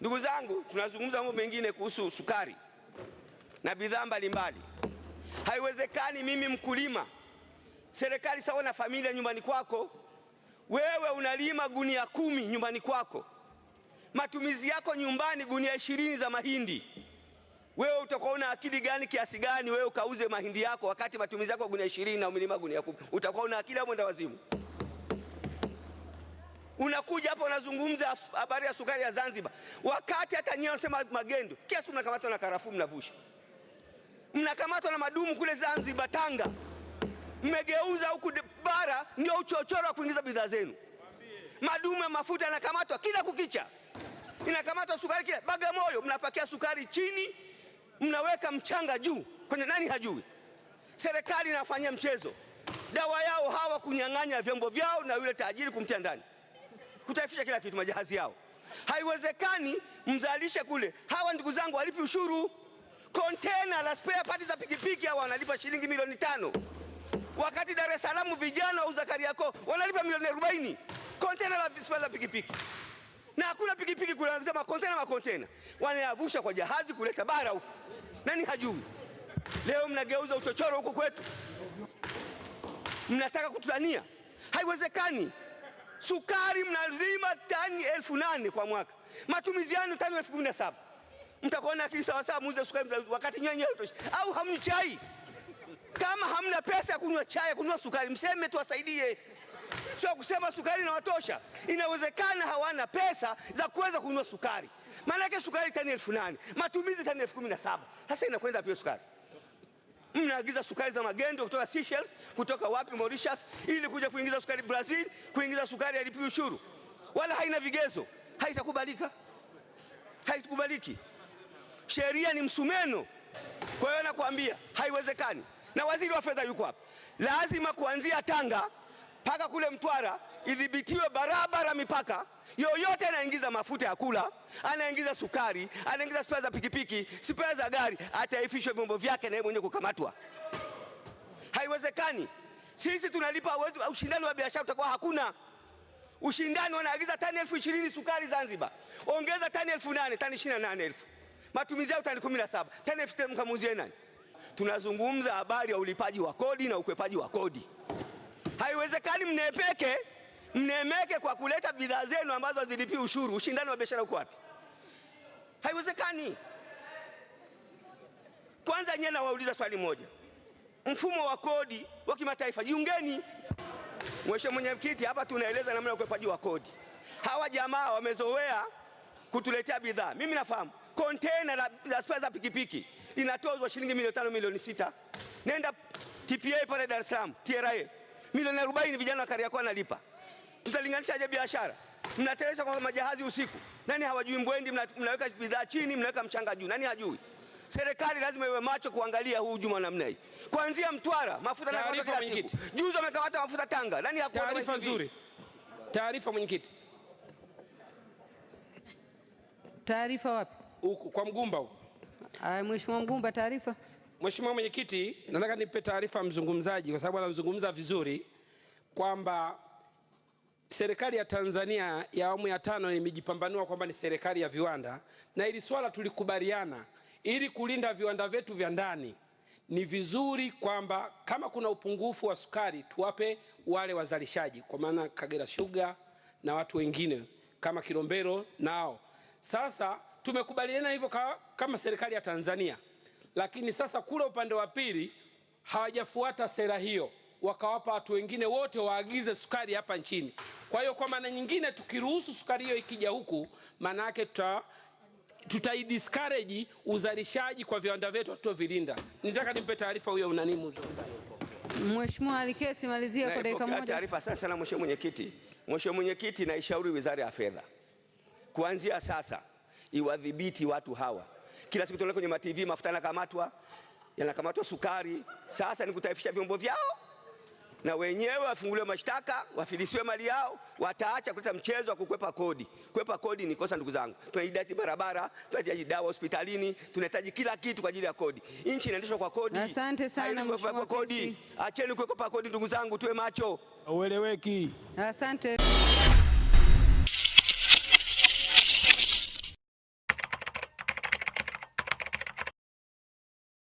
Ndugu zangu, tunazungumza mambo mengine kuhusu sukari na bidhaa mbalimbali. Haiwezekani mimi mkulima, serikali sawa na familia nyumbani kwako, wewe unalima gunia kumi nyumbani kwako, matumizi yako nyumbani gunia ishirini za mahindi. Wewe utakuwa una akili gani kiasi gani wewe ukauze mahindi yako wakati matumizi yako gunia ishirini na umelima gunia kumi? Utakuwa una akili au mwenda wazimu? Unakuja hapa unazungumza habari ya sukari ya Zanzibar, wakati hata nyinyi wanasema magendo. Kila siku mnakamatwa na karafuu, mnavusha, mnakamatwa na madumu kule Zanzibar, Tanga. Mmegeuza huku bara ndio uchochoro wa kuingiza bidhaa zenu. Madumu ya mafuta yanakamatwa kila kukicha, inakamatwa sukari kila. Bagamoyo mnapakia sukari chini, mnaweka mchanga juu, kwenye nani hajui. Serikali inafanyia mchezo. Dawa yao hawa kunyang'anya vyombo vyao na yule tajiri kumtia ndani kutaifisha kila kitu, majahazi yao. Haiwezekani mzalishe kule. Hawa ndugu zangu walipi ushuru. Kontena la spare parts za pikipiki hawa wanalipa shilingi milioni tano, wakati Dar es Salaam vijana au ko wanalipa milioni arobaini kontena la spare la pikipiki na hakuna pikipiki kule, wanasema makontena makontena, wanayavusha kwa jahazi kuleta bara huko. Nani hajui? Leo mnageuza uchochoro huko kwetu, mnataka kutudania. Haiwezekani. Sukari mnalima tani elfu nane kwa mwaka, matumizi yanu tani elfu kumi na saba. Mtakuwa na akili sawasawa, muuze sukari wakati nyenye utoshi. Au hamnywi chai? Kama hamna pesa ya kunywa chai ya kunywa sukari, mseme tuwasaidie. Sio kusema sukari inawatosha. Inawezekana hawana pesa za kuweza kunywa sukari, maanake sukari tani elfu nane matumizi tani elfu kumi na saba Sasa inakwenda pia sukari mnaagiza sukari za magendo kutoka Seychelles, kutoka wapi, Mauritius, ili kuja kuingiza sukari Brazil. Kuingiza sukari lipi ushuru wala haina vigezo, haitakubalika, haitakubaliki. Sheria ni msumeno. Kwa hiyo nakwambia haiwezekani, na waziri wa fedha yuko hapa, lazima kuanzia Tanga mpaka kule Mtwara idhibitiwe barabara mipaka. Yoyote anaingiza mafuta ya kula, anaingiza sukari, anaingiza spare za pikipiki, spare za gari, ataifishwe vyombo vyake na yeye mwenyewe kukamatwa. Haiwezekani. Sisi tunalipa ushindani wa biashara utakuwa hakuna ushindani. Wanaagiza tani elfu ishirini sukari Zanzibar, ongeza tani elfu nane tani ishirini na nane elfu matumizi yao tani kumi na saba tani elfu mkamuuzie nani? Tunazungumza habari ya ulipaji wa kodi na ukwepaji wa kodi. Haiwezekani mnepeke mnemeke kwa kuleta bidhaa zenu ambazo hazilipi ushuru. Ushindani wa biashara uko wapi? Haiwezekani. Kwanza nyewe nawauliza swali moja, mfumo wa kodi wa kimataifa jiungeni. Mheshimiwa Mwenyekiti, hapa tunaeleza namna ya ukwepaji wa kodi. Hawa jamaa wamezoea kutuletea bidhaa. Mimi nafahamu kontena la, la spare za pikipiki inatozwa shilingi milioni tano milioni sita. Nenda TPA pale Dar es Salaam, TRA milioni arobaini vijana wa Kariakoo analipa. Mtalinganishaje biashara? Mnateresha kwa majahazi usiku, nani hawajui? Mbwendi mnaweka bidhaa chini, mnaweka mchanga juu, nani hajui? Serikali lazima iwe macho kuangalia huu hujuma namna hii, kuanzia Mtwara mafuta na kila siku. Juzi wamekamata mafuta Tanga, nani hakuona? Taarifa nzuri, taarifa mwenyekiti. Taarifa wapi? Huko kwa Mgumba huko. Mheshimiwa Mgumba, taarifa. Mheshimiwa Mwenyekiti, nataka nipe taarifa mzungumzaji kwa sababu anazungumza vizuri kwamba serikali ya Tanzania ya awamu ya tano imejipambanua kwamba ni serikali ya viwanda, na ili swala tulikubaliana, ili kulinda viwanda vyetu vya ndani ni vizuri kwamba kama kuna upungufu wa sukari tuwape wale wazalishaji, kwa maana Kagera Sugar na watu wengine kama Kilombero nao. Sasa tumekubaliana hivyo kama serikali ya Tanzania lakini sasa kule upande wa pili hawajafuata sera hiyo, wakawapa watu wengine wote waagize sukari hapa nchini. Kwa hiyo kwa maana nyingine, tukiruhusu sukari hiyo ikija huku, maana yake tuta tutaidiskareji uzalishaji kwa viwanda vyetu hatutovilinda. Nitaka nimpe taarifa huyo unanimu Mheshimiwa Alikesi, malizia kwa dakika moja. Taarifa sasa na Mheshimiwa Mwenyekiti. Mheshimiwa Mwenyekiti, naishauri Wizara ya Fedha kuanzia sasa iwadhibiti watu hawa kila siku tunaona kwenye matv mafuta yanakamatwa, yanakamatwa sukari. Sasa ni kutaifisha vyombo vyao na wenyewe wafunguliwe mashtaka, wafilisiwe mali yao, wataacha kuleta mchezo wa kukwepa kodi. Kwepa kodi ni kosa, ndugu zangu. Tunahitaji barabara, tunahitaji dawa hospitalini, tunahitaji kila kitu kwa ajili ya kodi. Nchi inaendeshwa kwa kodi. Asante sana mheshimiwa. Kwa kodi, acheni kukwepa kodi, ndugu zangu, tuwe macho. Ueleweki. Asante.